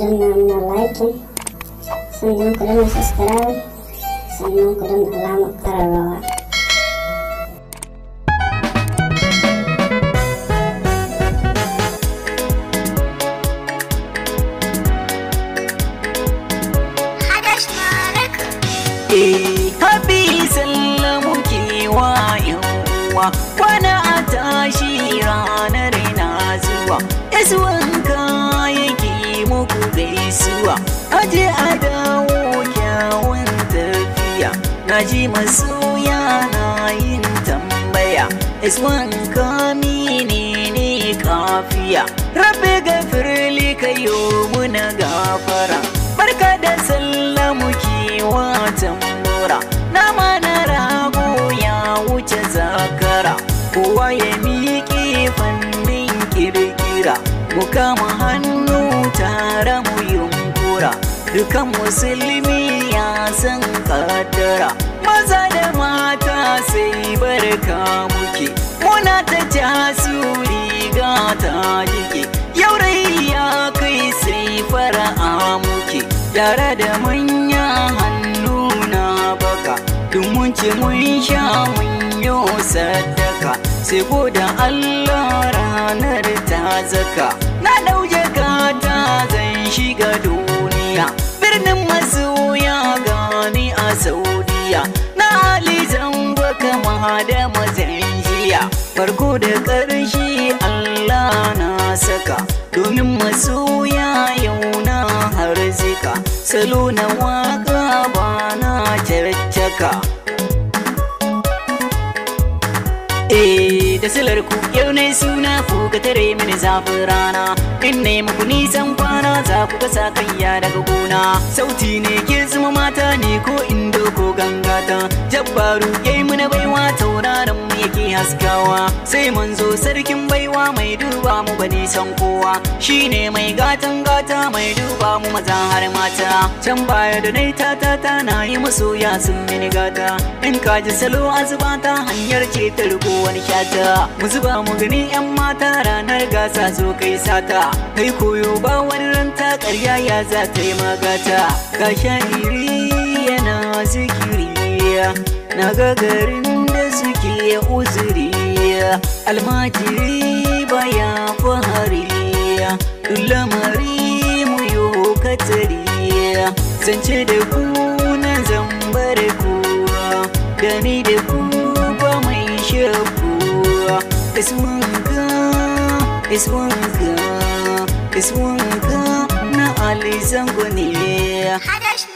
danna mana like sannan ku danna subscribe sannan ku danna alamar kararrawa Habi a tashi ranar na zuwa, isuwa aje a dawo kyawun tafiya na ji masoya na yin tambaya iswan kami ne ne kafiya Rabe ga gafirli kayo muna gafara barka da sallamu kiwa tambura nama na rago ya wuce zakara kowa ya miƙe fannin kirkira mu kama hannu tara mu yunkura dukan musulmi ya san kaddara maza da mata sai barka muke muna ta jasuri riga ta jike yau ya kai sai fara'a muke tare da manya hannu na baka mun ce mun sha mun yo sadaka sai da Allah ranar ta zaka na shiga duniya birnin masoya gani a saudiya na ali zango kama da mazan jiya farko da ƙarshe allah na saka domin masoya yau na harzika salo na waka bana na caccaka silarku ku yau ne suna ku ka tare mini zafin rana in ne muku nisan kwana za ku kasa kanya daga gona sauti ne ke zuma mata ne ko indo ko gangata jabbaru ke haskawa sai manzo sarkin baiwa mai duba mu bane san kowa shine mai gatan gata mai duba mu maza har mata can baya da nai ta na yi musu ya sun mini gata in ka ji salo a zuba ta hanyar ce ta wani kyata mu zuba mu gani yan mata ranar gasa zo kai sata kai koyo ba wani ranta karya ya za ta yi magata ka sha iri yana zikiri na gagarin suke uzuri almajiri baya fahari lamari mu yo katari zance da ku na zambar ku dani da ku ba mai shaku iswanka iswanka iswanka na alizango ne hadash